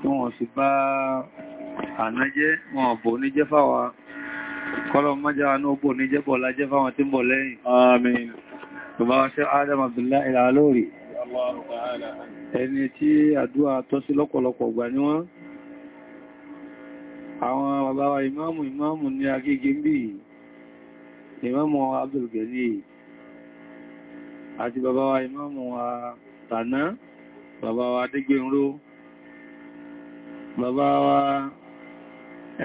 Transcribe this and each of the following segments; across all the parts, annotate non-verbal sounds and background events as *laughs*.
tí wọ́n sì bá ànájẹ́ wọn bò ní jẹ́ fáwa kọ́lọ̀ mọ́já ní ọgbò ní jẹ́ bọ̀lá jẹ́ fáwọn tí ń bọ̀ lẹ́yìn àmín bàbá Adam Abdullahi Al-Alori ẹni tí àdúrà tọ́ sí lọ́pọ̀lọpọ̀ ọgbà ní wọ́n àwọn bàbá wa ìmáàmù ìmáàmù ní agége ń bí ìmáàmù Abdulgani àti bàbá wa ìmáàmù wa tàná bàbá bàbá wa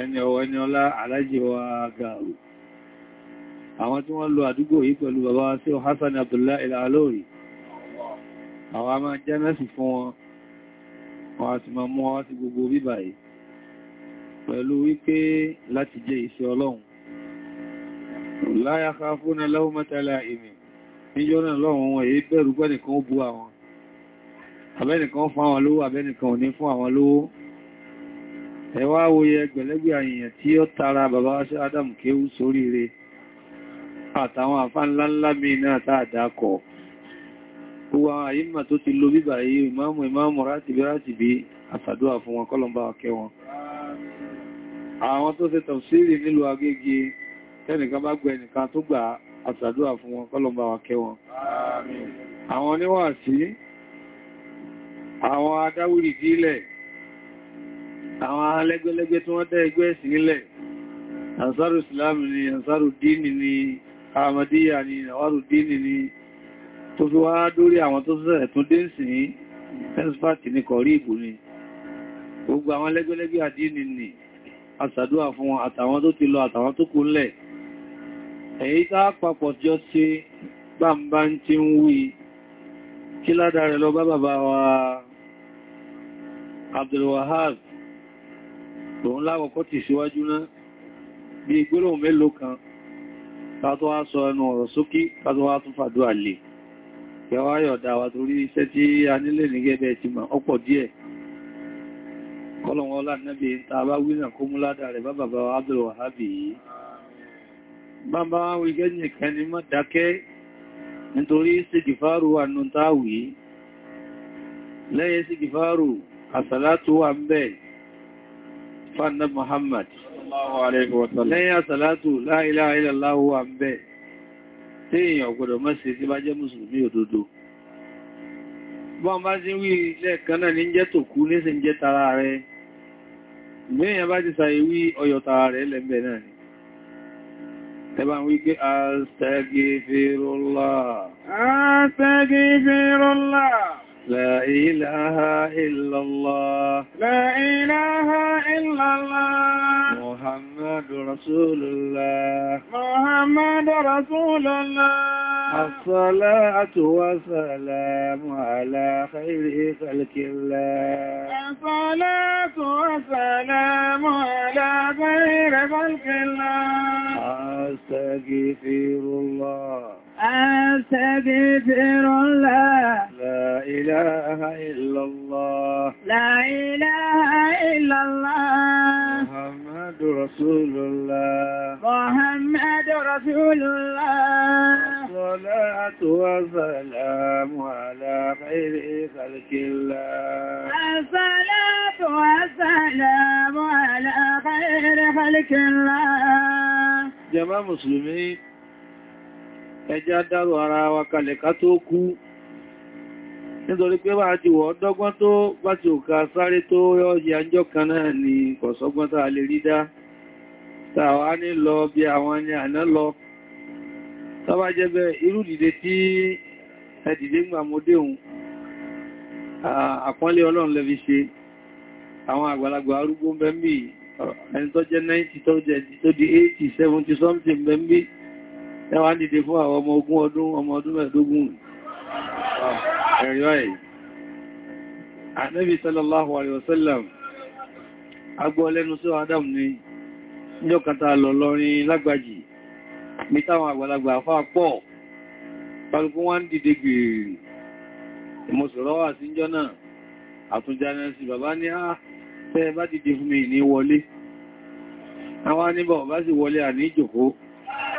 ẹni ọwọ́ ẹni ọlá aláàjì wa gàrù àwọn tí wọ́n lo àdúgbò yìí pẹ̀lú bàbá wa sí Hassan Abdullah Al-Alori àwọn a máa jẹ́nẹ́sì fún wọn wọ́n a sì máa mú wá sí gbogbo bíbà yìí pẹ̀lú wípé láti jẹ́ iṣẹ́ Ọlọ́run ẹwà awoye ẹgbẹ̀lẹ́gbẹ̀ àyìyàn tí ó tara bàbá aṣẹ́ adam kéhù sórí rẹ̀ àtàwọn àfánláńlá mìíràn àtàdàkọ̀ gbogbo àwọn àyíma tó ti lo bíbà yìí ìmáàmù ìmáàmù rátìbí rátìbí àtàdúwà fún wọn kọ́lọ̀mbà ọkẹ́ wọn àwọn tó ṣe tafsiri nílùú Agége tẹ́nìkan bá gbẹ ẹnìkan tó gbà àtàdúwà fún wọn kọ́lọ̀mbà ọkẹ́ wọn àwọn oníwàásí àwọn adáwìrì dílẹ̀ àwọn alẹ́gbẹ́lẹ́gbẹ́ tí wọ́n dá ẹgbẹ́ ẹ̀sìn nílẹ̀ ansaru islam ni ansaru dini ni ahmadiyya ni nawaru dini ni tó fi wá dórí àwọn tó sẹ́sẹ̀ tún dé sí ní penspati ní kọ̀rí ìbò ni gbogbo àwọn alẹ́gbẹ́lẹ́gbẹ́ àdínì ni àṣàdúwà fún wọn àtàwọn tó ti lọ àtàwọn tó kú lẹ̀ èyí tá papọ̀ jọ ṣe bàmbá ń Abdul Wahab lòun láwọ̀kọ́ ti síwájú náà bí gbólóhùn mélòó kan tàtọ́ wá sọ ẹnu ọ̀rọ̀ sókí tàtọ́ wá tún fàdó àlè kẹwàá yọ̀dá wa torí iṣẹ́ tí a nílé ní gẹ́gẹ́ ti mọ̀ ọ̀pọ̀ díẹ̀ kọlọ̀wọ́ lánàbí ta bá wínà kó mú ládà rẹ̀ bá bàbá Abdul Wahabi wà ń bẹ́ẹ̀ fàndà Muhammad lẹ́yìn àsàlátù la ilaha illallah wà ń bẹ́ tí èèyàn gbọdọ̀ mọ́sí tí bá jẹ́ mùsùlùmí òdodo bọ́n bá sí wí lẹ́ẹ̀kan náà ní jẹ́ tòkú ní sí jẹ́ tara rẹ̀ mẹ́yàn bá ti sàyè wí ọyọ̀ tara rẹ̀ lẹ́m̀bẹ̀ náà ni لا إله إلا الله لا إله إلا الله محمد رسول الله محمد رسول الله الصلاة والسلام على خير خلق الله الصلاة والسلام على خير خلق الله أستغفر الله أستغفر الله لا إله إلا الله لا إله إلا الله محمد رسول الله محمد رسول الله الصلاة والسلام على خير خلق الله الصلاة والسلام على خير خلق الله جماعة مسلمين ẹjá dárò ara wa kalẹ̀ ká tó kú nítorí pé bá ti wọ̀ dọ́gbọ́n tó bá ti òkà sáré tó yọ́jẹ́ àjọ́ kan náà ni kọ̀sọ́gbọ́n tàà lè rí dá tàwà ní lọ bí àwọn ni àná lọ tọ́bá jẹ́bẹ̀ irú dìde tí ẹdìdé ń gbàmódé òun àpọ́nlé ọlọ́run lẹ́fi ṣe àwọn àgbàlagbà arúgbó bẹ́m̀bì ẹni tó jẹ́ 90 tó jẹ́ 80 70 something bẹ́m̀bì ẹwà dìde fún àwọn ọmọ ogún ọdún ọmọ ọdún mẹ́ẹ̀dógún ah, ẹ̀rọ ẹ̀ Ànábì sallallahu alaihi wasallam agbọ́ lẹ́nu sí Adam ni níjọ́ kata lọ lọrin lágbàjì ní táwọn àgbàlagbà àfá pọ̀ pàlùkú wá ń dìde gbèrè ìmọ̀sọ̀rọ̀ wà sí jọ náà àtúnjá náà sí bàbá ní á ah, tẹ́ bá dìde fún àwọn níbọ̀ bá sì wọlé à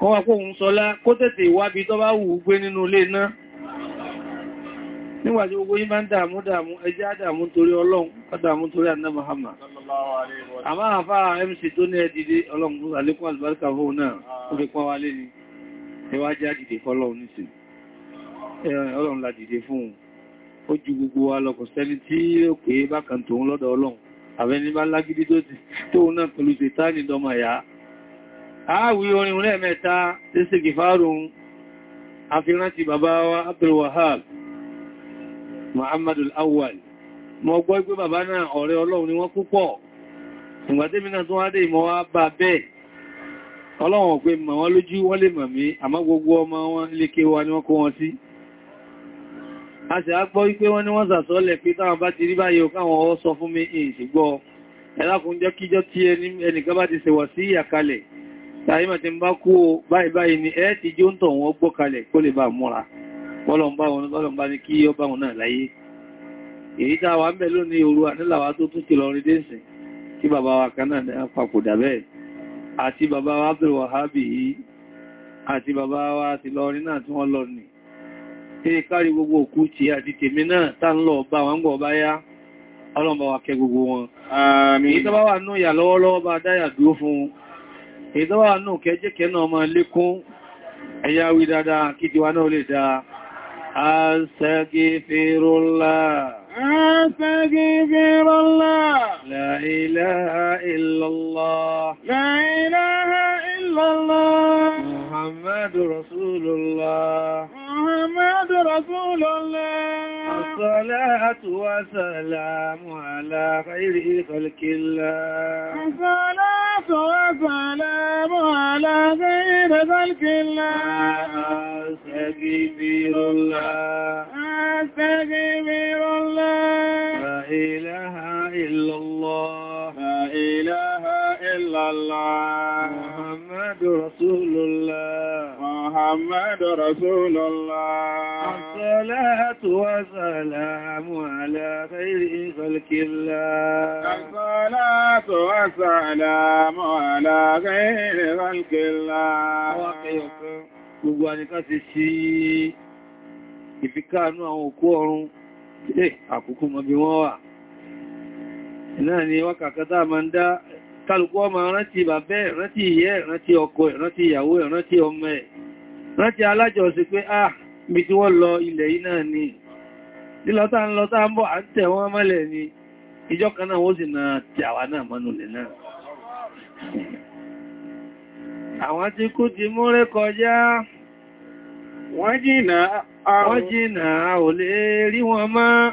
wọ́n wá kó òun sọlá kó tètè wábi tó bá wù ú gbé nínú ilé náà nígbàtí gbogbo yí máa ń dààmú dààmú ẹjẹ́ àdàmú torí ọlọ́run ọdàmú Muhammad àmá àfá MC tó ní ẹdìdé ọlọ́run alékún àlùbáríkà fóun náà ó fi pọ́n wálé ni ẹwàájá dìde fọ́lọ́run nìsìn ọlọ́run la dìde fún ó ju gbogbo wa lọ kò sẹ́ni tí ó pé bákan tòun lọ́dọ̀ ọlọ́run àbẹ́ni bá lágídí tó náà pẹ̀lú ṣètáàni dọmọ ẹ̀yà àáwí orin orí ẹ̀mẹ́ta tí sì gìfàárùn àfirántí bàbá wa Abdul Wahab Muhammad Awwal mọ́ gbọ́ pé bàbá náà ọ̀rẹ́ ọlọ́run ni wọ́n púpọ̀ ìgbàdémínà tó wádé ìmọ̀ wá bá bẹ́ẹ̀ ọlọ́run pé mọ̀ wọ́n lójú wọ́n lè mọ̀ mí àmọ́ gbogbo ọmọ wọn lékè wa ni wọ́n kó wọn sí a sì á gbọ́ wípé wọ́n ní wọ́n sàsọ́lẹ̀ pé táwọn bá ti rí báyìí káwọn ọ sọ fún mi ìṣìgbọ́ ẹlákùnjọ́ kíjọ́ tí ẹnìkan bá ti ṣèwọ̀ sí ìyàkalẹ̀ Tàímà ti ń bá kú o báyìí báyìí ni ẹ́ ti jí ó ń tọ̀ wọn gbọ́kalẹ̀ kó lè bá múra. Bọ́lọ̀mbá wọn bọ́lọ̀mbá ní kí ọba wọn náà láyé. Èyí tá wà ń bẹ̀ lónìí òru àníláwà tó tún ti lọ rí dẹ́sìn tí bàbá wa kan náà papòdà bẹ́ẹ̀. Àti bàbá wa Abdul Wahabi yìí àti bàbá wa ti lọ rí náà tí wọ́n lọ nì. Ṣé kárí gbogbo òkú ti àti tèmi náà tá ń lọ bá wọn gbọ̀ bá yá ọlọ́mbà wa kẹ gbogbo wọn. Èyí tó bá wà nú ìyà lọ́wọ́lọ́wọ́ bá dáyà dúró fún ìdọ́wà náà kẹjẹ́kẹ́ náà máa lékún ẹ̀yà wí dáadáa kí ti náà lè dáa Astaghfirullah Astaghfirullah La ilaha illallah La ilaha illallah Muhammadur Rasulullah محمد رسول الله الصلاة والسلام على خير خلق الله الصلاة والسلام على خير خلق الله أستغفر الله أستغفر الله لا إله إلا الله لا إله إلا الله محمد رسول الله محمد رسول الله الصلاة والسلام على خير خلق الله الصلاة والسلام على خير خلق الله Gbogbo àníká ti ṣí ìfikáànú àwọn òkú ọ̀run, eh, àkókò mọ̀ bí wọ́n wà. Náà ni wákàkátà máa ń dá kálùkù ọmọ rántí bàbẹ́ rántí ìyẹ́ rántí ọkọ rántí ìyàwó rántí ọmọ ẹ̀. rántí alájọsí pé ah mi tí wọ́n lọ ilẹ̀ yìí náà ni lílọ́ta ń lọ táa ń bọ̀ à ń tẹ̀ wọ́n ni ìjọ kan wó na ti àwa náà mọ́nulẹ̀ náà àwọn tí kú ti múré kọjá wọ́n jìnà a ò lè rí wọn máa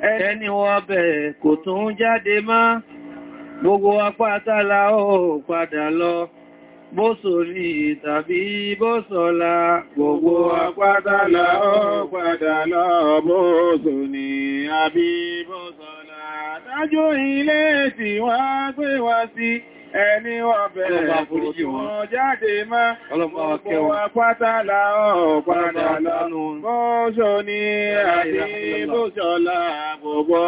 ẹni wọ́n bẹ̀ kò tún jáde má gbogbo apátálá ó padà lọ bóṣòrí tàbí bóṣọ́lá gbogbo apátálá ó padà lọ bóṣòrí àbí bóṣọ́lá tájú ilé tí wá gbé wá sí ẹni wọ́n bẹ̀rẹ̀ fún jáde mọ́ gbogbo apátálà ọ̀pàdà lọ́nù bóṣò ní àti bóṣọ́lá gbogbo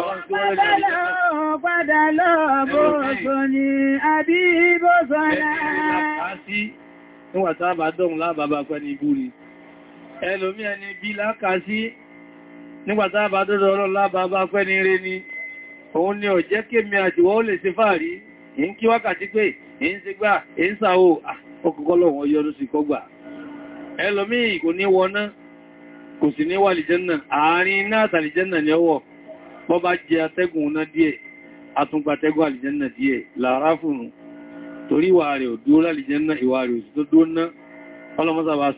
ọ̀pàdà lọ́ bóṣò ní àbí bóṣọ́lá níwàtá bá dọ́run lábàbà ni ẹlòmí ẹni bí lákàásí nígbàtá bá dọ́rọ̀ lábàbà pẹ́ ní ire ni òun ni ó jẹ́ kémi àti wọ́n lè ṣe fàárí ń kí wákàtí pé ń ṣe gbá ń sàwò ọkọ̀kọ́lọ̀wọ̀n yọrù sí kọgbà ẹlòmíì kò ní wọná kò sì ní wà lìjẹ́nà àárín iná àtàlìjẹ́nà ni ọwọ́ jẹ atẹ́gùn díẹ̀ atúngbàtẹ́gùn àlìjẹ́nà díẹ̀ ìwà rẹ̀ lálìjẹ́nà ìwà rẹ̀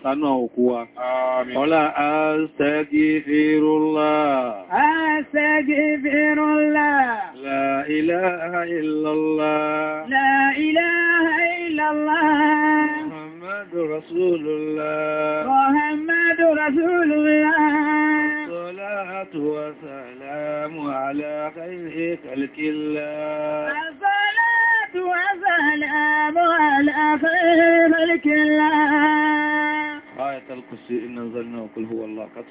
sánú àwọn òkú wa. ọlá لا إله إلا الله لا إله إلا الله محمد رسول الله محمد رسول الله الصلاة وسلام على خير خلق الله الصلاة وسلام على خير خلق الله آية الكرسي إن نزلنا وقل هو الله قد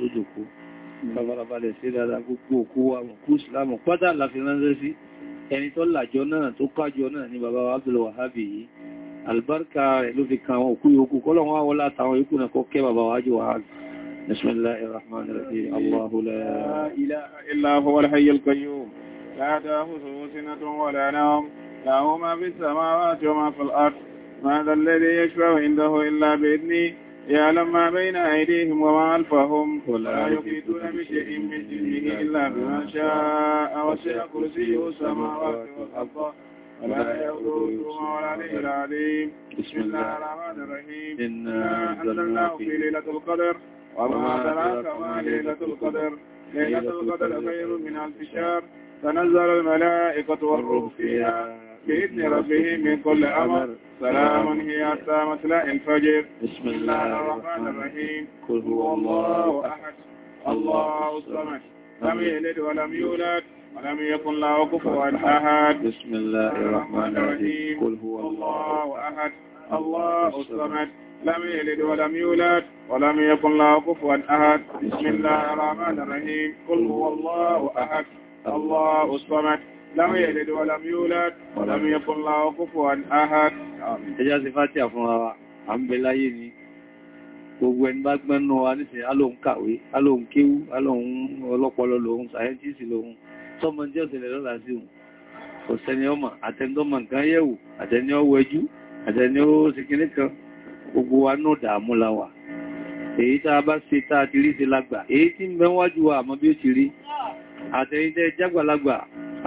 fàbàràbàlẹ̀ sí dára gbogbo òkú wa mọ̀kú ìsìlámù pátá láfi ránṣẹ́ sí ẹni tó làjọ náà tó kájọ náà ni bàbá wa Abdul Wahabi yìí albarka rẹ̀ ló fi kan àwọn òkú yòókù kọ́lọ̀wọ́n wá wọ́lá àtàwọn yòókù náà kọ́ kẹ́ bàbá wa Abdul Wahabi bismillahir rahmanir rahim Allahu la ilaha illa huwal hayyul qayyum la ta'khudhuhu يعلم ما بين أيديهم وما خلفهم ولا يحيطون بشيء من علمه إلا بما شاء وسع كرسيه السماوات والأرض ولا يؤذوه ولا به العليم بسم الله الرحمن الرحيم إنا أنزلناه في ليلة القدر وما أدراك ما ليلة القدر ليلة القدر خير من ألف شهر تنزل الملائكة والروح فيها بإذن ربه من كل أمر سلام هي حتى مثل الفجر بسم الله الرحمن الرحيم قل هو الله أحد الله الصمد لم يلد ولم يولد ولم يكن له كفوا أحد بسم الله الرحمن الرحيم قل هو الله أحد الله الصمد لم يلد ولم يولد ولم يكن له كفوا أحد بسم الله الرحمن الرحيم قل هو الله أحد الله الصمد لم يلد ولم يولد ولم يكن له كفوا أحد ẹjá sí fàtíà fún ara àmìbẹ̀láyé ni gbogbo ẹni bá gbẹ́nu wa nísìn alóhun kàwé alóhun kéwú alóhun ọlọ́pọlọ lòun sàyẹ́ntìsì lòun sọmọ jẹ́ òsèlẹ̀ lọ́la sí òun ọ̀sẹ̀ni ọmọ àtẹndọ́mọ nǹkan yẹ̀wò àtẹni ọwọ́ ẹjú àtẹni ó sì kí nìkan gbogbo wa náà dààmú la wà èyí tá a bá ṣe tá a ti tẹ́ jágbàlagbà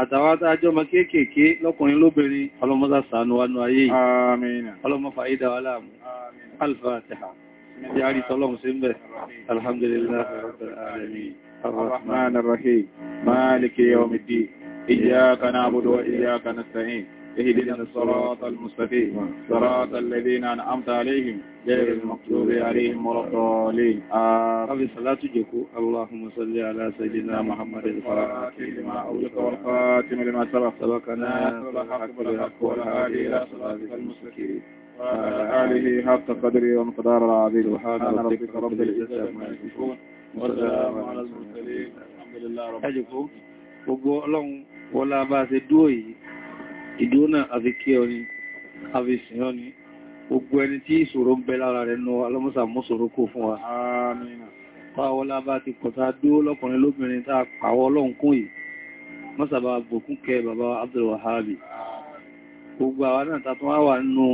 àtàwátá ajọ́ ma kéèkèé lọ́kùnrin lóbìnrin ọlọ́mọ́sá sàánú wánú ayé ọlọ́mọ́fà ìdá wà láàmù alfàtíhà ti alhamdulillah rabbil alamin arrahman arrahim maliki yawmiddin iyyaka na'budu اهدنا الصراط المستقيم صراط الذين أنعمت عليهم غير المغضوب عليهم ولا الضالين قبل صلاة جكو اللهم صل على سيدنا محمد الفاتح لما أولك والخاتم لما سبق سبقنا الحق بالحق والهادي إلى صراط المستقيم وآله آله حق قدره ومقدار العظيم سبحان ربك رب العزة عما يصفون وسلام على المرسلين الحمد لله رب العالمين gbogbo ọlọ́run ولا باس ṣe ìdónà àfikí ọni àfisìn ọni gbogbo ẹni tí ìṣòro ń bẹ lára rẹ̀ nù alọ́mọ́sà mọ́sòro kò fún wa pàwọ́lá bá ti pọ̀ta dúó lọ́kùnrin lóbìnrin tá pàwọ́ ọlọ́nkún yìí mọ́sàbà gbòkún kẹ bàbá Abdul Wahabi gbogbo àwọn náà tàtún wá wà nínú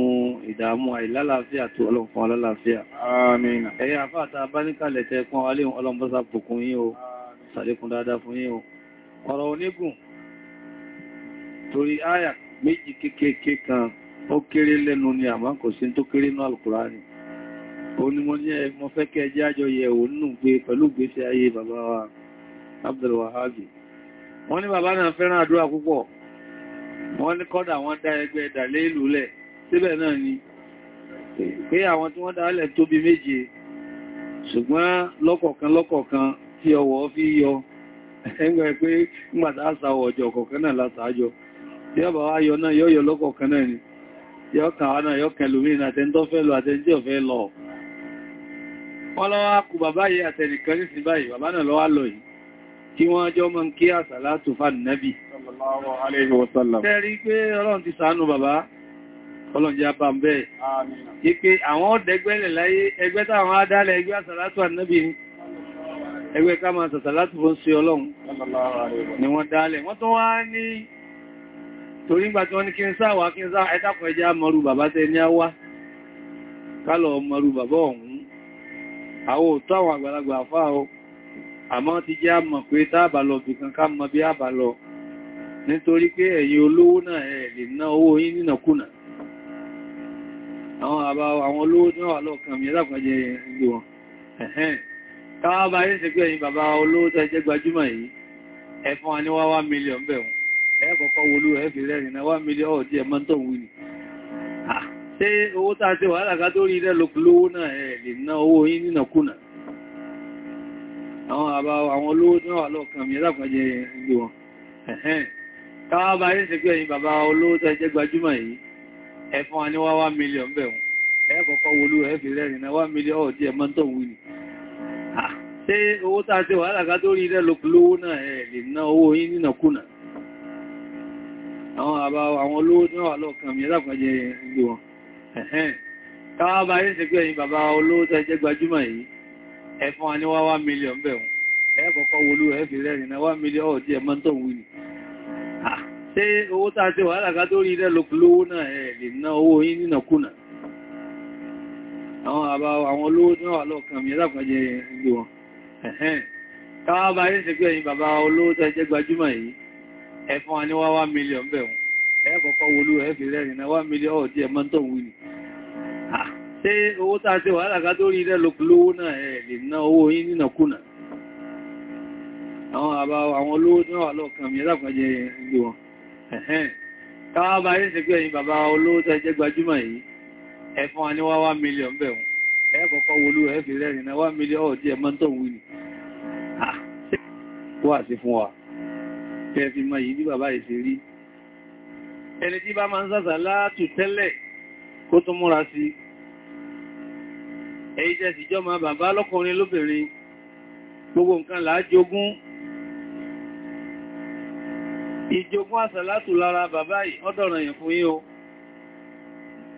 ìdààmú àìlálàáfíà tó ọlọ́pàá alálàáfíà ẹ̀yà àfáàtà abáníkàlẹ̀ tẹ́ pọ́n wálé ọlọ́mọ́sà gbòkún yín o sàlékún dáadáa fún yín o ọ̀rọ̀ onígùn torí áyà méjì kékèké kan ó kéré lẹ́nu ni àmá kò sí tó kéré ní ni ó ní mo ní ẹmọ fẹ́ kẹ́ jẹ́ àjọ yẹ̀wò nínú pé pẹ̀lú gbésí ayé bàbá wa Abdul Wahabi wọ́n ní bàbá náà fẹ́ràn àdúrà púpọ̀ wọ́n ní kọ́dà wọ́n dá ẹgbẹ́ síbẹ̀ náà ni pé àwọn tí wọ́n dálẹ̀ tó bí méje ṣùgbọ́n tí ọwọ́ fi yọ ẹgbẹ́ pé kọ̀ọ̀kan náà yọ́bà wá yọ náà yọ́yọ lọ́kọ̀ kan náà ni yọ́kàn wá náà yọ́kàn lómìnà àtẹ́ntọ́fẹ́ lọ àtẹ́ntọ́fẹ́ lọ wọ́n lọ́wọ́ kù bàbá yìí àtẹnìkan ní sí báyìí bàbá náà lọ́wọ́ lọ yìí kí wọ́n jọ mọ́ kí àsàlátù fà nẹ́bì ti ṣàánú bàbá ọlọ́run jẹ́ apá bẹ́ẹ̀ kí pé àwọn ọ̀dẹ́gbẹ́lẹ̀ láyé ẹgbẹ́ táwọn adálẹ̀ ẹgbẹ́ àsàlátù ànẹ́bì ni ẹgbẹ́ ká máa sàsàlátù fún sí ọlọ́run ni wọ́n dálẹ̀ wọ́n tó wá ní torí ń gbà tí wọ́n ní kí ń sáwà kí ń sá ẹ̀dàkùn ẹjá mọ́rú bàbá tẹ́ ní àwá kálọ̀ mọ́rú bàbá ọ̀hún àwọn òtọ́ àwọn àgbàlagbà fáà o àmọ́ ti jẹ́ àmọ̀ pé táàbà lọ bì kan ká mọ bí àbà lọ nítorí pé ẹ̀yin olówó náà ẹ̀ lè ná owó yín nínàkúnà ẹ̀kọ̀kọ́ wo ló ẹ̀fì lẹ́rin náà 1 million ọ̀dí ẹ̀mọ́ tó wù ní ṣe owó tàà tí wàhálà ká tó rí ilẹ̀ lókùlówó náà ẹ̀ lè ná owó yín nínàkúnà àwọn àbá àwọn olówó tí wà lọ́kàn mi lápàájẹ́ ìgbé wọn ẹ̀hẹ́n káwà bá yín sẹ́gbẹ́ yìí bàbá olówó tẹ́ jẹ́ gbajúmọ̀ yìí ẹ̀fún wa ní wá 1 million bẹ̀rún ẹ̀kọ̀kọ́ wo ló ẹ̀fì lẹ́rin náà 1 million ọ̀dí ẹ̀mọ́ tó wù ní ṣe owó tàà tí wàhálà ká tó rí ilẹ̀ lókùlówó náà ẹ̀ lè ná owó yín nínàkúnà àwọn àbá àwọn olówó tí wọ́n wà lọ́ọ̀kan mi ẹ̀dàpàjẹ́ ìlú wọn ẹ̀hẹ́n káwà bá yín sí pé ẹ̀yin bàbá olówó tẹ́ jẹ́ gbajúmọ̀ yìí ẹ fún wa ní wá wá mílíọ̀n bẹ̀rún ẹ̀kọ̀kọ́ wolú ẹ̀fì na wá mílíọ̀n ọ̀dí ẹ̀mọ́ tó wù ní ṣe owó tàà tí wàhálà ká tó rí rẹ̀ lókùlówó náà ẹ̀ lè ná owó yín nínàkúnà àwọn àbá àwọn olówó tí wọ́n wà lọ́ọ̀kan mi ẹ̀dàpàjẹ́ ìlú wọn ẹ̀hẹ́n káwà bá yín sí pé ẹ̀fún a ní wá wá mílíọ̀n bẹ̀rún ẹ̀kọ̀kọ́ wolú ẹ̀fì lẹ́rin na wá mílíọ̀n ọ̀dí ẹ̀mọ́ tó wí ni ṣe owó tàà ṣe wà lága tó rí lẹ́lọ́kùlówó náà ẹ̀ lè ná owó yín nínàkúnà àwọn àbá àwọn olówó tí wọ́n wà lọ́kàn mi lápàájẹ́ ìgbò wọn ẹ̀hẹ́n káwà bá yẹ́ sí pé ẹ̀yin bàbá olówó tẹ́ jẹ́ gbajúmọ̀ yìí ẹ̀fún wa ní wá wá mílíọ̀n bẹ̀rún ẹ̀kọ̀kọ́ wolú ẹ̀fì na wá mílíọ̀n ọ̀dí ẹ̀mọ́ tó wí ni wà sí wa kẹfì mọ̀ yìí bí bàbá ìṣe rí ẹni tí bá máa ń sàṣà látù tẹ́lẹ̀ kó tún múra sí èyí tẹ́sì jọmọ bàbá lọ́kùnrin lóbìnrin gbogbo nǹkan là jogún ìjogún àsàlátù lára bàbá yìí ọdọ̀rọ̀ yẹn fún yín o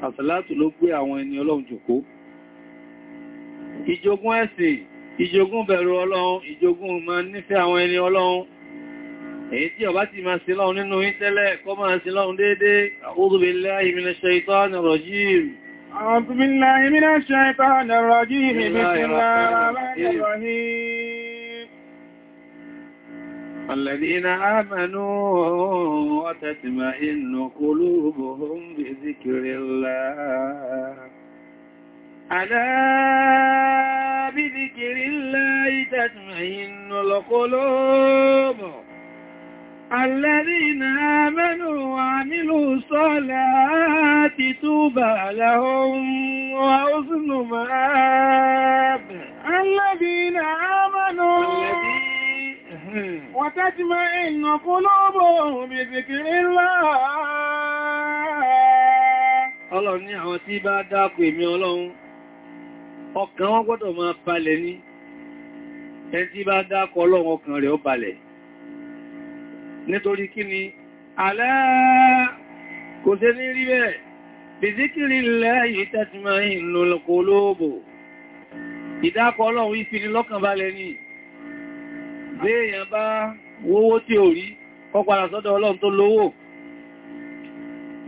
àsàlátù ló gbé àwọn ẹni ọlọ́run jòkó ìjogún ẹ̀sìn ìjogún bẹ̀rù ọlọ́run ìjogún ma nífẹ́ àwọn ẹni ọlọ́run èyí tí ọba ti máa sí lọ́un nínú ìtẹ́lẹ̀ kọ́ máa sí lọ́un déédéé a'udhu billahi minash shaitanir rajim أعوذ بالله من الشيطان الرجيم بسم الله الرحمن الرحيم الذين آمنوا وتتمئن قلوبهم بذكر الله ألا بذكر الله تتمئن القلوب الذين آمنوا وعملوا الصلاة طوبى لهم وحسن مآب الذين آمنوا وتجمعن قلوبهم بذكر الله Ọlọ́run ní àwọn tí bá dákò èmi Ọlọ́run, ọkàn wọn gbọ́dọ̀ máa balẹ̀ ní, ẹni tí bá dákò Ọlọ́run ọkàn rẹ̀ ó balẹ̀ nítorí kí ni alẹ́ kò ṣe ní rí bẹ́ẹ̀ bìzíkìrì lẹ́yìn tẹ́tìmọ̀ ìlòlòkò olóòbò ìdákọ̀ ọlọ́run ìfini lọ́kànbalẹ̀ ní béèyàn bá wówó tí ò rí kọpàdà sọ́dọ̀ ọlọ́run tó lówó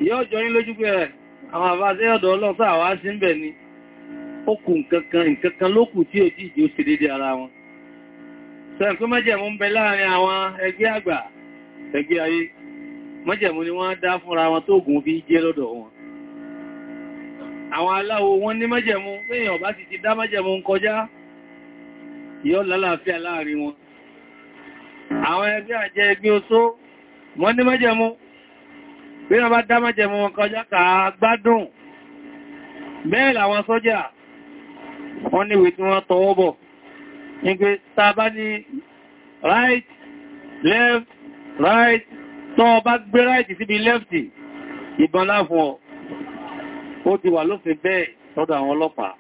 yóò jọ ní lójú pé àwọn àbáṣẹ́ ọ̀dọ̀ ọlọ́run sáà wá sí ń bẹ̀ ni ó kù nǹkankan nǹkankan ló tí ò jí ó sì dédé ara wọn sẹ́ǹkú mẹ́jẹ̀ mú ń bẹ láàrin àwọn ẹgbẹ́ àgbà ìtẹ́gí ayé mọ́jẹ̀mú ni wọ́n dá fúnra wọn tó gùn bí jẹ́ lọ́dọ̀ wọn àwọn aláwo wọ́n ní mọ́jẹ̀mú péyàn bá ti ti dá mọ́jẹ̀mú ń kọjá yọ́ lálàáfíà láàrin wọn àwọn ẹgbẹ́ àjẹ́ ẹgbẹ́ oṣó wọ́n ní mọ́jẹ̀mú péyàn bá dá mọ́jẹ̀mú wọn kọjá kàá gbádùn right left right tó bá gbé right síbi left ìbọn láfún ọ ó ti wà lófin bẹ́ẹ̀ lọ́dọ̀ àwọn ọlọ́pàá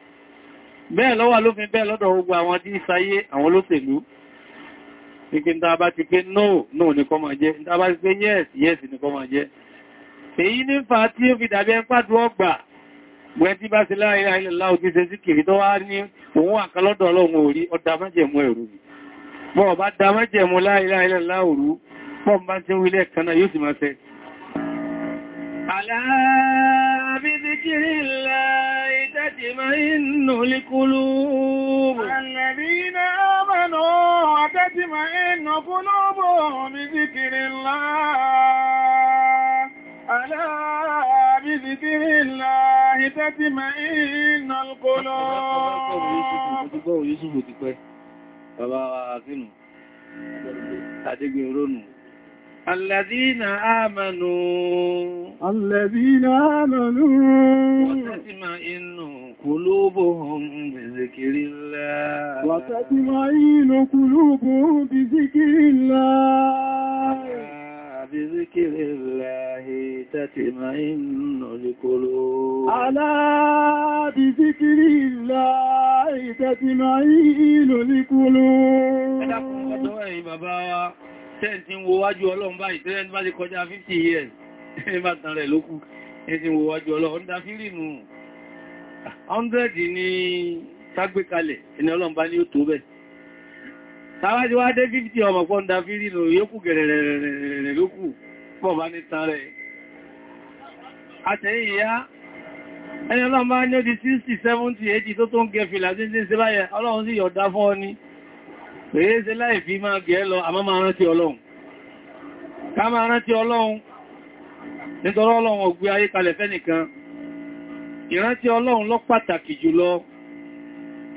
bẹ́ẹ̀ ló wà lófin bẹ́ẹ̀ lọ́dọ̀ gbogbo àwọn tí sáyé àwọn olóṣèlú ìpé ń tàbá ti pé no no ní kọ́ máa jẹ́ ń tàbá ti pé yes yes ní kọ́ máa jẹ́ èyí ní fa tí ó fi dàbí ẹpàdù ọgbà gbẹ́ tí bá sí láàrin àìlẹ̀lá òjú ṣe sí kìrì tó wá ní òun àkálọ́dọ̀ ọlọ́run orí ọdá mẹ́jẹ̀mú ẹ̀rù bọ́ọ̀ bá dá mẹ́jẹ̀mú láàrin àìlẹ̀lá òru Bọ́n bá jẹ́ orílẹ̀ kaná yóò sì máa ṣe. Àlàábí zikiri ńlá ìtàtì máa inú líkúlù. Ànàbí náà mẹ́nu àtàtì máa inú kúlùbù bí zikiri ńlá. Àlàábí zikiri ńlá ìtàtì máa inú kúlùbù. Bàbá wa Azínú, Adégbìn Rónù. الذين آمنوا الذين آمنوا وتطمئن قلوبهم بذكر الله وتطمئن قلوبهم بذكر الله بذكر الله تطمئن القلوب ألا بذكر الله تطمئن القلوب tẹ́ẹ̀tí wo wájú ọlọ́run báyìí tẹ́ẹ̀tí bá 50 years ẹmà *laughs* tàn rẹ̀ lókù ẹ̀tí wo wájú ọlọ́run dá 100 ní ságbékalẹ̀ ẹni ọlọ́run bá ní ó tó bẹ̀ sáwájú wá dé 50 ọmọ pọ́ ń dá fílìmù yókù gẹ̀rẹ̀rẹ̀ lókù pọ̀ bá ní tàn rẹ̀ àtẹ̀yìn ya ẹni ọlọ́run ní ó di 60 70 80 tó tó ń gẹ fìlà sí ṣe báyẹ̀ ọlọ́run sì yọ̀dá fún ni èé ṣe láì fi máa gẹ̀ẹ́ lọ àmọ́ máa rántí ọlọ́run ká máa rántí ọlọ́run nítorí ọlọ́run ò gbé ayé kalẹ̀ fẹ́nìkan ìrántí ọlọ́run lọ pàtàkì jùlọ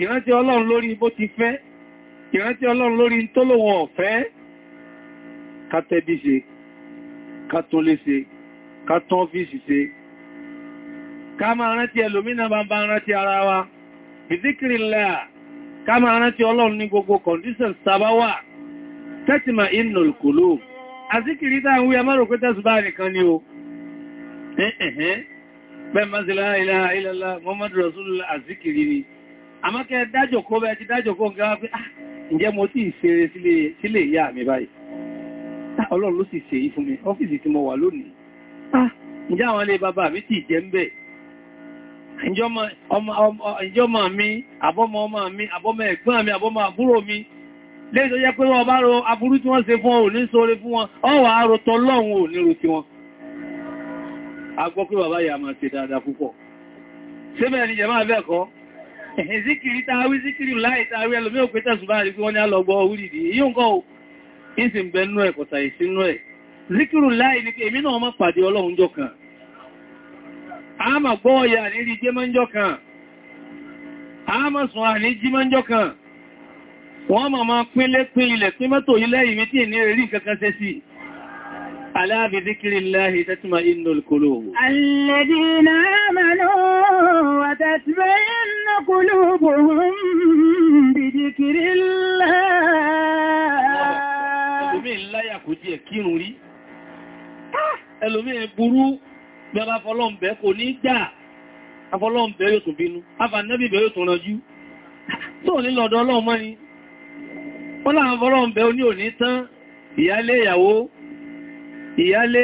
ìrántí ọlọ́run lórí bó ti fẹ́ ìrántí ọlọ́run lórí tó lòun ọ̀fẹ́ ká máa rántí ọlọ́run ní gbogbo condition sábá wà tẹ́tìmà inú ìkòlò àzíkìrí táa ń wí amárò pé tẹ́sùbá nìkan ni o pẹ́mọ́sílá ilaha illallah Muhammadu Rasulullah àzíkìrí ni a máa kẹ́ dájòkó bẹ́ẹ̀ ti dájòkó ń gáwá pé ǹjẹ́ mo ti ìṣeré sílé ìyá mi báyìí ah, ọlọ́run ló sì ṣe yí ìjọmọ̀ mi àbọ́mọ ọmọ mi àbọ́mọ ẹ̀gbọ́n mi àbọ́mọ àbúrò mi léèdó jẹ́ pé wọ́n bá ro aburú tí wọ́n ṣe fún ò ní sóre fún wọn ọwà àròtọ́ lọ́hun ò ní ròtí wọn a gbọ́ pé bàbá yà máa ṣe dáadáa púpọ̀ síbẹ̀ ni jẹ́mà bẹ́ẹ̀ kọ́ *laughs* zikiri tàwí zikiri láì tàwí ẹlòmí òpé tẹ̀sùbá rí fún wọn ní alọ́gbọ́ orílẹ̀ yíò kọ́ ìsìnbẹ̀nú ẹ̀kọ̀tà ìsinú ẹ̀ zikiru láì ní àmà gbọ́ọ̀yà àrírí jẹ́ mọ́jọ́ kan àmà sùn àrí jí mọ́jọ́ kan wọ́n ma ma pín lẹ́pín ilẹ̀ pín mọ́tò ilẹ̀ ìmí tí ní rí kankan ṣe sí Ala bi dhikrillahi tatma'innul qulub. Alladhina Ẹlòmí láyà burú bí a bá fọlọ́m̀bẹ́ kò ní jà afọlọ́m̀bẹ́ yóò tún bínú afànẹ́bìbẹ̀ yóò tún rọjú tó ní lọ́dọ̀ ọlọ́mọ́ ni wọ́n láàrín fọlọ́m̀bẹ́ oní òní tán ìyálé ìyàwó ìyálé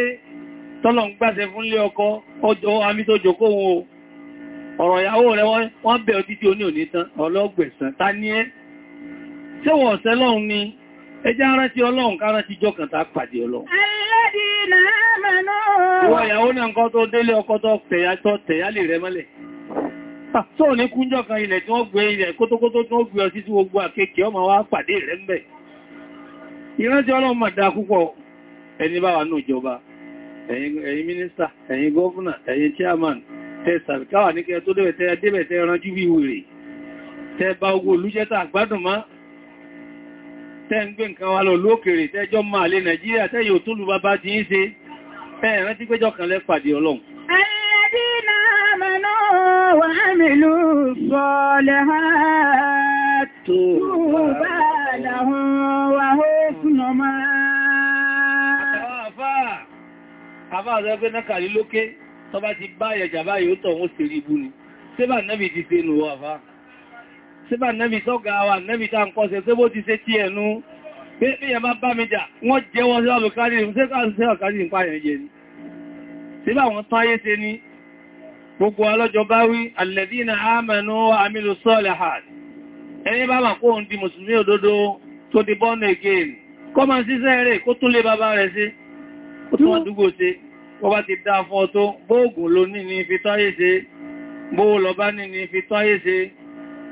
tọ́lọ̀ ń fún lé ọkọ ọjọ́ amí tó jòkó ẹjá rántí ọlọ́run ká rántí jọkàn pàdé ọlọ́run. Alladina amanu. Ìwọ ìyàwó náà kọ́ tó délé ọkọ́ tó tẹ̀yà tọ́ tẹ̀yà lè rẹ mọ́lẹ̀. tọ́ ní kúnjọ kan ilẹ̀ tí wọ́n gbé ilẹ̀ kótókótó tí gbé ọ gbogbo ọmọ pàdé rẹ Ìrántí ọlọ́run bá wà ní ìjọba, ẹ̀yin ẹ̀yin gọ́fúnà, chairman, sàbíkáwà ní tó débẹ̀ débẹ̀ bí bá tẹ́ ń gbé nǹkan wa lọ lókèrè tẹ́jọ́ máa lè Nàìjíríà tẹ́ yóò tún lù bàbá ń ṣe ẹ̀rẹ́ tí péjọ kan lẹ́ Ọlọ́run Alladina amanu wa amilu salihat tuba lahum wa bá ẹ̀jà báyìí ó sí bá nẹ́bì sọ́gá wa nẹ́bì tá ń kọ́ sí tó bó ti ṣe tí ẹnu pé èyàn bá bá mi jà wọ́n jẹ́wọ́ sí ọ̀bẹ̀ kárí ní ṣe káàkiri sí ọ̀kárí ní pààyàn jẹ ni sí bá wọn tán ayé ṣe ní gbogbo alọ́jọ́ bá wí alladhina amanu wa amilu solihat ẹni bá máa kóhun di mùsùlùmí òdodo tó di bọ́ọ̀nù again kọ́ máa ṣiṣẹ́ rẹ̀ kó tún lé bàbá rẹ̀ sí ó tún àdúgbò ṣe wọ́n bá ti dá fọ́ tó bóògùn ló ní ní fi tọ́yé ṣe bóò lọ bá ní ní fi tọ́yé ṣe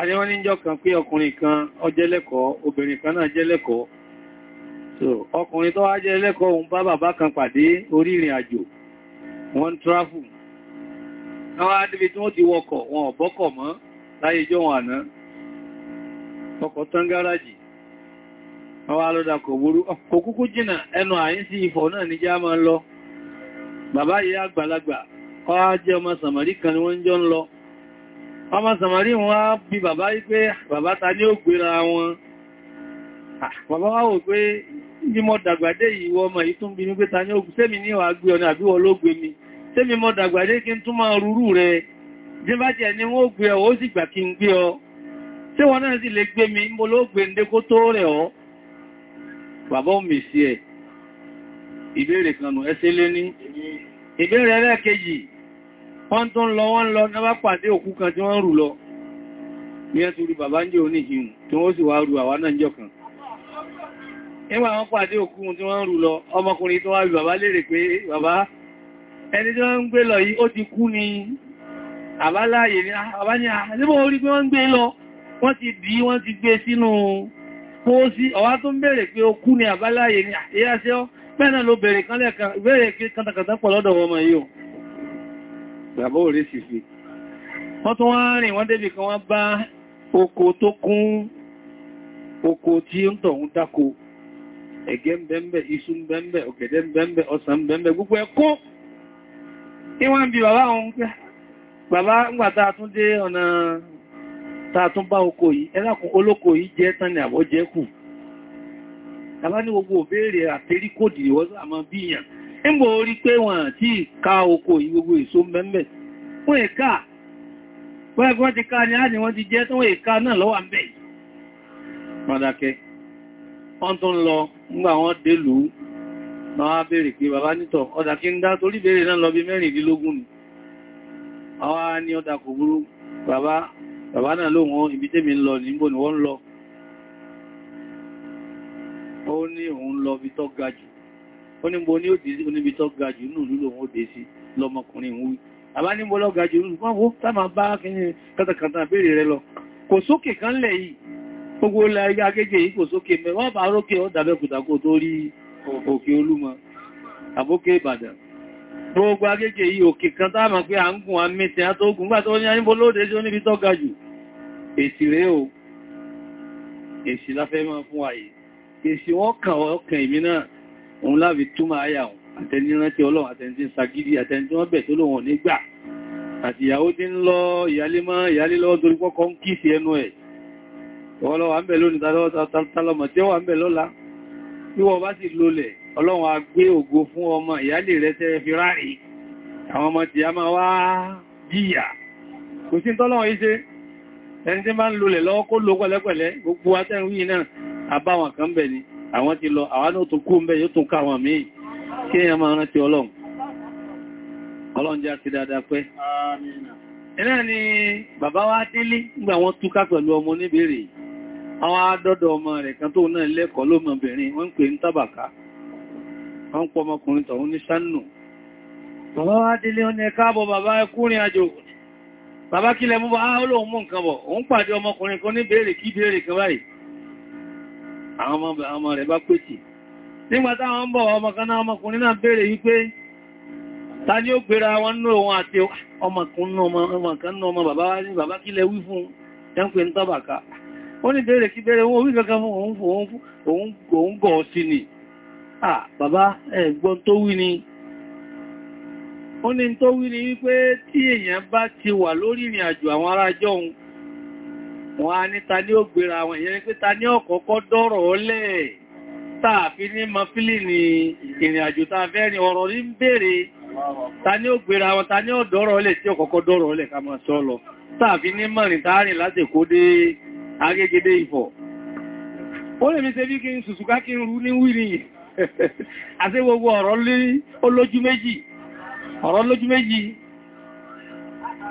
àríwọ́n níjọ́ kan pé ọkùnrin kan ọjẹ́lẹ́kọ̀ọ́ obìnrin kan náà jẹ́lẹ́kọ̀ọ́ ọkùnrin tó wá jẹ́lẹ́kọ̀ọ́ òun bá bàbá kan pàdé orí ìrìn àjò wọ́n tráfù àwọn adébí tí wọ́n ti wọkọ̀ wọn ọ̀bọ́kọ̀ mọ́ láyé wọn àná ọkọ̀ tán gáràjì kò ọmọ Sàmárì wọn bí bàbá yí pé bàbá ta ní ó gbéra wọn bàbá wá wò pé bí mo dàgbàdé ìwọ ọmọ yìí tún bí ní pé ta ní ó gbé sẹ́mi ní wàá gbé ọ̀nà àbíwọ̀ ló gbé mi sẹ́mi mo dàgbàdé kí n tún máa rúrú rẹ jẹ́ bá jẹ́ ni wọ́n gbé ọ sì gbà kí n gbé ọ tí wọ́n náà sì lè gbé mi mo ló gbé ń kó tó rẹ̀ ọ́ bàbá ò mèsì ẹ̀ ìbéèrè kan nù lé ní ìbéèrè ẹlẹ́ẹ̀kejì wọ́n tó ń lọ wọ́n lọ náà pàdé òkú kan tí wọ́n rù lọ ní ẹ̀tù rí bàbá ń jẹ́ oníhìn tí wọ́n sì wá rù àwa náà jọ kan nígbà wọ́n pàdé òkú tí wọ́n rù lọ ọmọkùnrin tó wá rí bàbá lérè pé bàbá ẹni tí wọ́n ń gbé lọ yìí ó ti kú ni àbáláyè ni àbá ní àdébò ah, orí pé wọ́n ń gbé lọ wọ́n ti dì wọ́n ti pé àbọ́ òré sì fi wọ́n tún wọ́n rìn wọ́n débì kan wọ́n bá oko tó kún oko tí ó ń tọ̀hún dáko ẹ̀gẹ́ mbẹ́mbẹ́ iṣu mbẹ́mbẹ́ ọ̀gẹ̀dẹ̀ mbẹ́mbẹ́ ọsàn mbẹ́mbẹ́ gbogbo ẹkọ́ ìwọ́n bí bàbá wọn pẹ́ bàbá ńgbà tààtún dé ọ̀nà ni àbọ́jẹ́kù tàbá ní gbogbo òbéèrè àtẹ́ríkòdì nígbò orí pé wọ́n tí ká oko ìgbogbo èso mẹ́mẹ́ fún ẹ̀ká pẹ́gbọ́n ti ká ní á ní wọ́n ti jẹ́ tó ẹ̀ká náà lọ́wà mẹ́ pàdàkẹ́ wọ́n tó ń lọ nígbà wọ́n délù náà bèèrè pé bàbá nítọ̀ ọdà kí ń dá torí bèèrè náà lọ bí mẹ́rìndínlógún ni àwa ní ọdà kò burú bàbá bàbá náà ló wọn ibi tẹ́mi ń lọ níbo ni wọ́n lọ ó ní òun lọ bí tọ́ ga oníbo ní òdí sí oníbi tó ga jù nù lúlò wọn òdí sí lọmọkùnrin wúwí àbá níbo lọ ga jù nù wọ́n wó táàmà bá kíní kátàkátà béèrè rẹ lọ kò sókè kan lẹ̀ yìí gbogbo ilẹ̀ agége yìí kò sókè mẹ́wàá bá rókè ó dàbẹ́kùtàkò tó rí òkè olúmọ àbókè ìbàdàn gbogbo agége yìí òkè kan táàmà pé à ń gùn àmìtẹ̀ àtógùn gbà tó ní àyíbo èsì wọ́n kàn ọkàn ìmì òun láàfi túmọ̀ àyà òun àtẹni rántí ọlọ́run àtẹni tí ń sagídí àtẹni tí wọ́n bẹ̀ tó lòun nígbà àti ìyàwó tí ń lọ ìyálé mọ́ ìyálé lọ́wọ́ torí kọ́kọ́ ń kìí sí ẹnu ẹ̀ ọlọ́wà ń bẹ̀ lónìí tálọ́mọ̀ tí ó wà ń bẹ̀ lọ́la bí wọ́n bá sì lólẹ̀ ọlọ́run a gbé ògo fún ọmọ ìyálé rẹ̀ tẹ́ ẹni tí máa ń lólẹ̀ lọ́wọ́ kó lò pẹ̀lẹ́pẹ̀lẹ́ gbogbo atẹ́rùn yìí náà àbáwọn kan bẹ̀ ni àwọn ti lọ àwọn náà tún kú ń bẹ́ yóò tún káwọn míì kí èyàn máa rántí ọlọ́run ọlọ́run já sí dáadáa pẹ́ ẹ̀nà ni bàbá wa délé nígbà wọ́n túká pẹ̀lú ọmọ níbèrè àwọn adọ́dọ̀ ọmọ rẹ̀ kan tó náà lẹ́kọ̀ọ́ lọ́mọbìnrin wọ́n ń pè ní tàbàká wọ́n pọ̀ ọmọkùnrin tọ̀hún ní sánù bàbá wa délé ọ́nà ẹ̀káàbọ̀ bàbá ẹkùnrin àjò bàbá kílẹ̀ mú bá olóhun mú nǹkan bọ̀ òun pàdé ọmọkùnrin kan ní bèèrè kí àwọn ọmọ rẹ̀ bá pètì nígbàtá wọn bọ̀ ọmọ kan náà ọmọkùnrin náà béèrè wípé ta ni ó pèrà wọn ní òun àti ọmọkùnrin ọmọ kan náà ọmọ bàbá ní bàbá kílẹ̀ wí fún ẹnkùn ní tọ́bàká ó ní béèrè kí béèrè wọn orí kankan fún òun gọ̀ sí ni ah bàbá ẹ̀gbọ́n tó wí ni ó ní tó wí ni wípé tí èèyàn bá ti wà lórí ìrìn àjò àwọn ará jọun wọ́n a níta ní ó gbéra àwọn ìyẹn pé ta ní ọ̀kọ̀ọ̀kọ́ dọ́rọ̀ ọlẹ̀ tààfi ní mafílì ní ìrìn àjò ta fẹ́ rìn ọ̀rọ̀ rí ń bèèrè ta ní ó gbéra àwọn ta ní ọ̀dọ́rọ̀ ọlẹ̀ tí ọ̀kọ̀ọ̀kọ́ dọ́rọ̀ ọlẹ̀ ká máa sọ lọ tààfi ní mọ̀rin táàrin láti dé agégédé *laughs*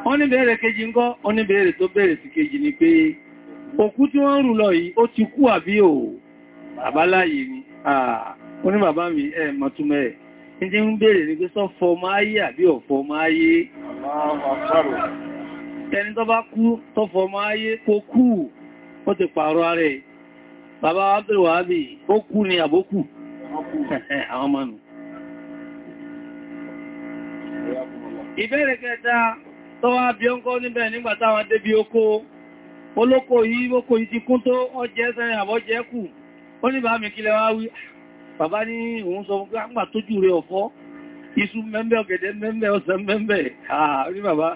oníbẹ̀rẹ̀ kejì ń kọ́ oníbẹ̀rẹ̀ tó bẹ̀rẹ̀ sí kejì ni pé òkú tí wọ́n rù lọ yìí ó ti kú àbí ò bàbá láyé ni oní bàbá mi ẹ mọ̀túnmẹ́ ẹ̀ sọ kú kú ti bàbá Abdulwahabi ó kú ni àbókù *laughs* tó wá bí ọkọ́ níbẹ̀ nígbàtá wọn débi oko olóko yìí oko yìí ti kún tó ọjẹ́ sẹ́rin àbọ́jẹ́ kù ó ní bá mi kílẹ̀ wá wí bàbá ní òun sọ fún àgbà ah, tójú rẹ̀ ọ̀fọ́ iṣu mẹ́mbẹ́ ọ̀gẹ̀dẹ̀ mẹ́mbẹ́ ọ̀sẹ̀ mẹ́mbẹ́ àrí bàbá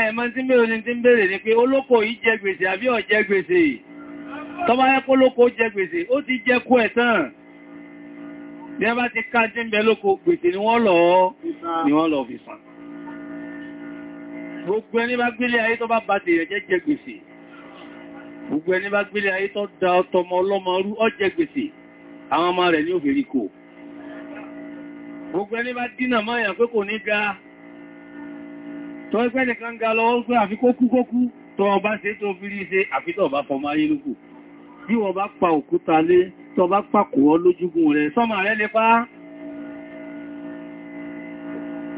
ẹ̀mọ́ tí mẹ́rin ni tí ń bèèrè ni pé olóko yìí jẹ gbèsè àbí ọ̀jẹ gbèsè tọ́bá yẹ́ pólóko jẹ gbèsè ó ti jẹ kú ẹ̀ tán bí ẹ bá ti ká jí ń bẹ lóko gbèsè ni wọ́n lọ ni wọ́n lọ fi san gbogbo ẹni bá gbélé ayé tó bá bá tèèyàn jẹ́ jẹ gbèsè gbogbo ẹni bá gbélé ayé tó da ọtọmọ ọlọ́mọ rú ó jẹ gbèsè àwọn ọmọ rẹ̀ ní òfèrí kò gbogbo ẹni bá dínà máa yàn pé kò ní ga tó ẹgbẹ́ nìkan ga lọ pé àfi kókúkókú tó ọba ṣe tó fi rí ṣe àfitọ̀ ọba fọmọ ayé lókù bí wọ́n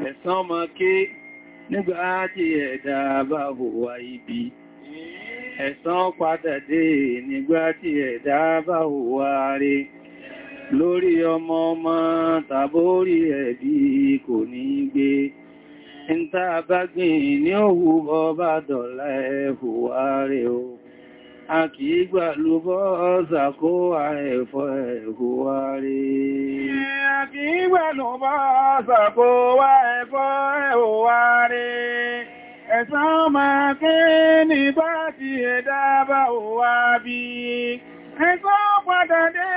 ẹ̀sán ọmọ ké nígbà tí ẹ̀dá bá hùwà ibi ẹ̀san padà dé nígbà tí ẹ̀dá bá hùwà rẹ̀ lórí ọmọ ọmọ tàbórí ẹ̀bí kò ní gbé ń tàbágbìn ní òhù bá dọ̀lá ẹ̀hùwà rẹ̀ o a kì í gbà ló bọ́ ṣàkó àẹ̀fọ́ ẹ̀kọ́ wá rí. a kì í gbà ló bọ́ ṣàkó àẹ̀fọ́ ẹ̀kọ́ wá rí. ẹ̀sán máa ké ní bá ti ẹ̀dá bá ò wá bí. ẹ̀sán padà dé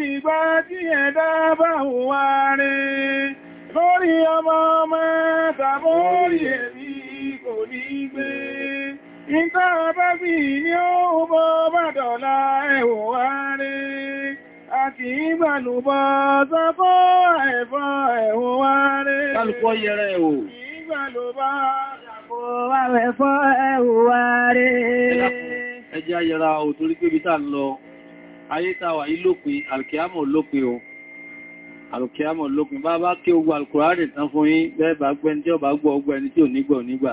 nígbà tí ẹ̀dá bá ò wá rí. lórí ọmọ ọmọ tàbórí ẹ̀rí kò ní gbé. Ìta bá bí ní ó bọ́ bàdọ̀lá ẹ̀wò wá rí, a kì í gbàlùbọ̀ sọ́kọ́ ẹ̀fọ́ ẹ̀wò wá rí. Kálùkọ́ yẹrẹ ẹ̀wò. Kì í gbàlùbọ̀ sọ́kọ́ ẹ̀fọ́ ẹ̀wò wá rí. Ẹjá pé bí tá lọ, ayé yí lópin, alkìámọ̀ lópin o. Alkìámọ̀ lópin, bá bá kí ogun alkùrárì tán fún yín, bẹ́ẹ̀ bá gbẹ́ni tí ó bá gbọ́ ọgbẹ́ni tí ò nígbọ̀ nígbà.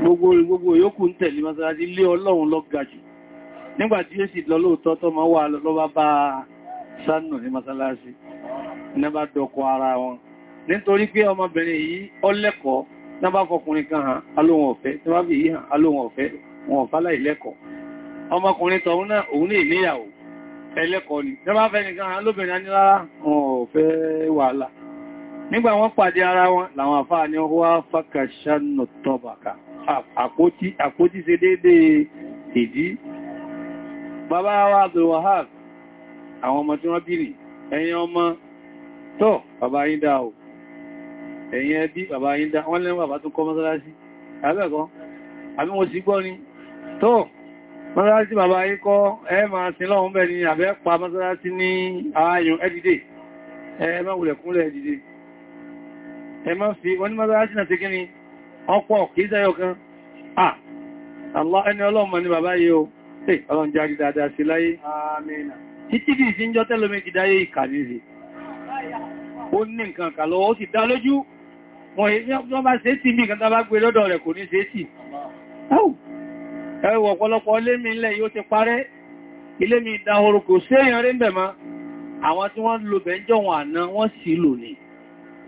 gbogbo gbogbo yóò ń tẹ̀lé mọ́sálásí lé ọlọ́run lọ́gàjù nígbàtí yóò sì lọ́lọ́tọ́ tó ma wà lọ́bá bá sánù ní mọ́sálásí nẹ́bá dọkọ ara wọn nítorí pé ọmọbìnrin yìí ọlẹ́kọ̀ọ́ náà bá fọkùnrin kan hàn alóhun ọ̀fẹ́ tí wọ́n bí yìí hàn alóhun ọ̀fẹ́ wọn ọ̀fá láìlẹ́kọ̀ọ́ ọmọkùnrin tọ̀hún náà òun ní ìníyàwó ẹlẹ́kọ̀ọ́ ni tí wọ́n bá fẹ́ nìkan hàn lóbìnrin á ní nígbà wọ́n pàdé ara wọn làwọn àfáà ni wọ́n wá fàkàṣánà tọ́bàkà àkótí ṣe dédé ìdí bàbá wa Abdulwahab àwọn ọmọ tí wọ́n bìrì ẹ̀yin ọmọ tọ́ bàbá yín dá o ẹ̀yin ẹbí bàbá yín dá wọ́n lẹ́wọ́n bàbá tó kọ́ mọ́sálásí àbẹ́ẹ̀kọ́ àbí mo sì ni tọ́ mọ́sálásí ẹ máa sin lọ́hun ni àbẹ́ pa mọ́sálásí ní ààyùn ẹdìdè ẹ mẹ́wùlẹ̀kúnlẹ̀ ẹ má fi wọ́n ni ọ̀pọ̀ kìí sẹ́yọ kan ah Allah ẹni ọlọ́mọ ni bàbá yìí o ṣe ọlọ́n járí dáadáa sí láyé títí kìí sí ń jọ tẹ́lómi ti dáyé ìkàlìrì ó bá ṣe tí mí kan bá gbé lọ́dọ̀ rẹ̀ kò ní ṣe tí ẹwọ ọ̀pọ̀lọpọ̀ ilé mi ilẹ̀ yóò ti parẹ́ ilé mi ìdáhoro kò séèyàn rí ń bẹ̀ ma àwọn tí wọ́n lo bẹ̀ ń jọ wọn àná wọ́n sì lò ní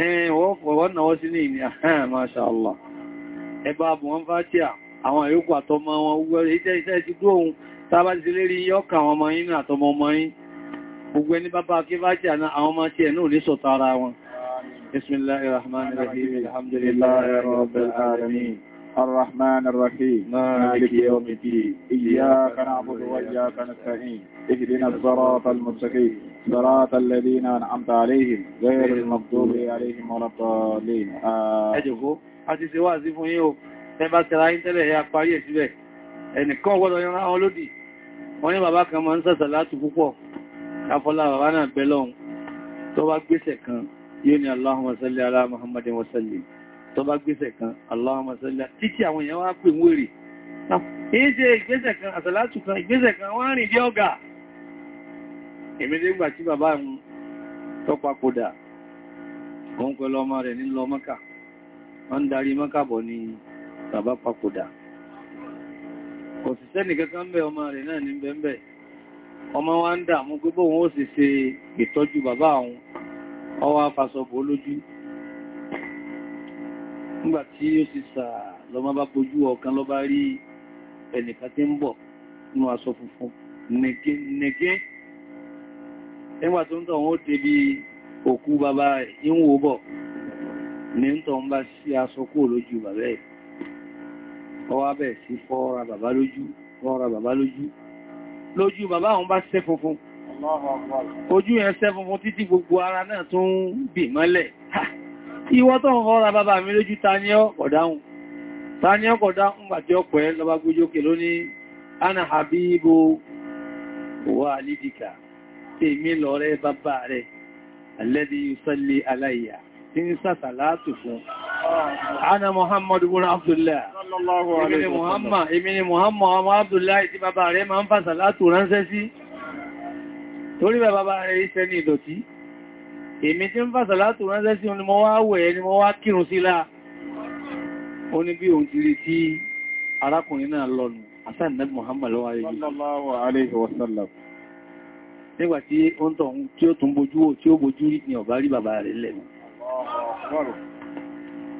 Eh, wọ́n náwọ́ sí ní ìní àhán Masha Allah ẹba bù wọ́n fàtíà àwọn àyókù àtọmọ wọn gbogbo iṣẹ́ iṣẹ́ ti dúró ohun tàbá ti lérí yọ́kà àwọn ọmọ yínú àtọmọ ọmọ yín gbogbo ẹni bá kí fàtíà náà àwọn ọmọ tí ẹ̀ náà lè wọn الرحمن الرحيم مالك يوم الدين إياك نعبد وإياك نستعين اهدنا الصراط المستقيم صراط الذين أنعمت عليهم غير المغضوب عليهم ولا الضالين ẹ jókòó a ti ṣe wáàsí fún yín o ẹ bá tẹ̀lé ayín tẹ́lẹ̀ ẹ parí ẹ̀ síbẹ̀ ẹnìkan gbọ́dọ̀ yanra wọn lódì wọ́n ní bàbá kan máa ń sàṣà látù púpọ̀ afọ́lá bàbá náà bẹ́ lọ́hun tó bá gbéṣẹ̀ kan yóò ní Allahumma salli ala Muhammadin wa sallim tó bá gbéṣẹ̀ kan Allahumma salli títí àwọn èèyàn wá pè ń wèrè ìmìlẹ́gbà tí bàbá ń tọ́papòdà òun pẹ̀lú ọmọ rẹ̀ ní lọ mọ́kà wọ́n darí mọ́kà bọ̀ ní bàbá papòdà kò sì sẹ́nì kankan bẹ́ ọmọ rẹ̀ náà ní bẹ́ẹ̀bẹ́ ọmọ wa ń dààmú pé bóun ó sì ṣe ìtọ́jú bàbá àwọn ọwọ́ afasọ̀bọ̀ olójú nígbà tí ó sì sà lọ́mọ bá pojú ọ̀kan lọ́bá rí ẹnìkan tí ń bọ̀ nínú aṣọ funfun nìgẹ́ ẹgbà tó ń tọ̀ wọ́n tẹ bí òkú bàbá ìwò bọ̀ ní tọ̀ ń bá sí aṣọ kó lójú bàbá ẹ̀ ọwá bẹ̀ sí fọ́ra bàbá lójú fọ́ra bàbá lójú lójú bàbá àwọn bá sẹ́ funfun ojú yẹn sẹ́ funfun títí gbogbo ara náà tó ń bì mọ́lẹ̀ ìwọ tó ń fọ́ra bàbá mi lójú ta ní ọ̀dáhùn ta ní ọ̀dáhùn gbàtí ọ̀pẹ́ lọ́bá gbójókè lónìí ana habibu wa alidika èmi lọ́rẹ́ bàbá rẹ̀ alẹ́dí yusalli aláyà tí ń sàtàlátù fún ana muhammadu bin abdullah èmi ni muhammadu ọmọ abdullah tí bàbá rẹ̀ ma ń fàtàlátù ránṣẹ́ sí torí bàbá rẹ̀ iṣẹ́ ní ìdọ̀tí èmi tí ń fàtàlátù ránṣẹ́ sí ni mo wá wẹ̀ ni mo wá kírun sí lá ó ní bí òun ti rí tí arákùnrin náà lọ́nu àṣà ìnàbí muhammadu alaihi nígbàtí ó ń tọ̀hún tí ó tún bojú wò tí ó bojú rí ni ọ̀bá rí bàbá rẹ̀ lẹ́nu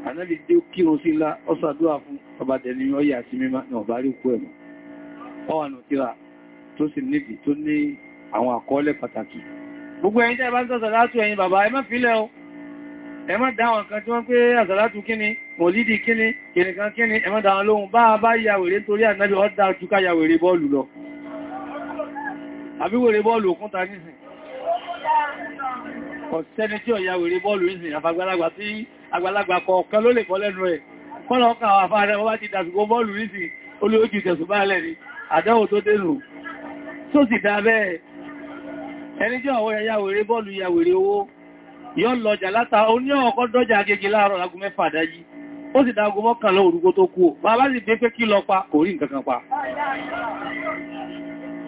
ànábì tí ó kírun sí ńlá ọ́sàdúwà fún ọba tẹ̀lé ọyà àti mímá ni ọ̀bá rí òkú ẹ̀mù ọwànà tíra tó sì níbi tó ní àwọn àkọọ́lẹ̀ pàtàkì gbogbo ẹ̀yin tẹ́ bá ń tọ́sà látú ẹ̀yin bàbá ẹ má fílẹ̀ o ẹ má dá àwọn kan tí wọ́n pé àsàlátù kíni mọ̀lídì kíni kìnìkan kíni ẹ má dá àwọn lóhun bá a bá yàwèrè nítorí àbí wèrè bọ́ọ̀lù òkúta nísìn ọ̀sẹ́ni tí ọ̀yà wèrè bọ́ọ̀lù nísìn àfàgbàlagbà tí àgbàlagbà kọ̀ọ̀kan ló lè kọ́ lẹ́nu ẹ̀ kọ́lọ̀ ọkà àwọn afárẹ́ wọ́n bá ti dàsùgbò bọ́ọ̀lù nísìn olóòjì ni àdáwò tó dẹ̀rù tó ya wèrè owó yọ́ lọjà látà ó ní ọ̀kọ́ dọ́jà agégi láàárọ̀ lágún mẹ́fà dájí ó sì dágún mọ́kànlá òrùgbó tó kú bàbá sì gbé pé kí lọ pa kò rí nǹkan kan pa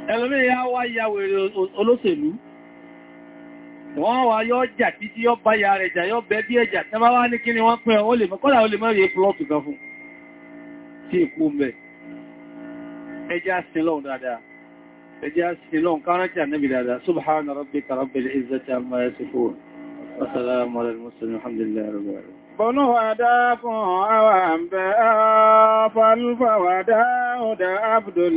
ẹlòmí ya wá ya wèrè olóṣèlú wọ́n wá yọ́ jà títí yọ́ bá ya rẹ̀ jà yọ́ bẹ́ bí ẹjà tẹ́bá wá ní kíni wọ́n pẹ́ ó lè mọ́kọ́lá ó lè mọ́ rí plọ́ọ̀tù kan fún tí èkó mẹ́ ẹjá sílọ́n dáadáa ẹjá sílọ́n kárànkì ànábì dáadáa subhana rabbika al àwọn Abdul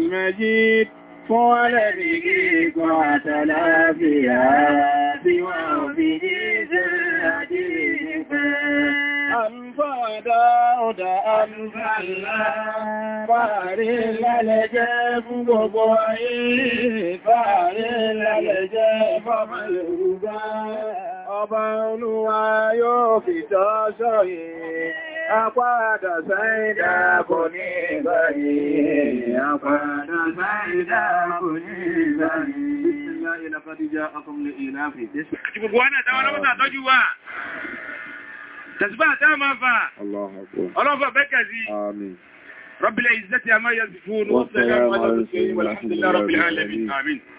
ولده قعت العافيات وفيه جلتي أنفى داود أنفى الله فارل الجيب وبعي فارل الجيب ملغوبا ọba olúwa yóò fi tọ́ sọ́yìn Apáradà sáìdá kò ní ìgbàyé, apáradà sáìdá kò ní ìgbàyé. Ìlá ìlàkàdíjá akọmlẹ̀ ìlàfì. Ìgbogbo wánà dáwọn lọ́pọ̀ta tọ́jú wà. Tẹ̀síbà àtẹ́ ọmọ fà. Ọlọ́fà bẹ́kẹ̀ sí. Rabbil izzati amma yasifun, wa salamun ala al-mursalin, walhamdulillahi rabbil alamin. Amin.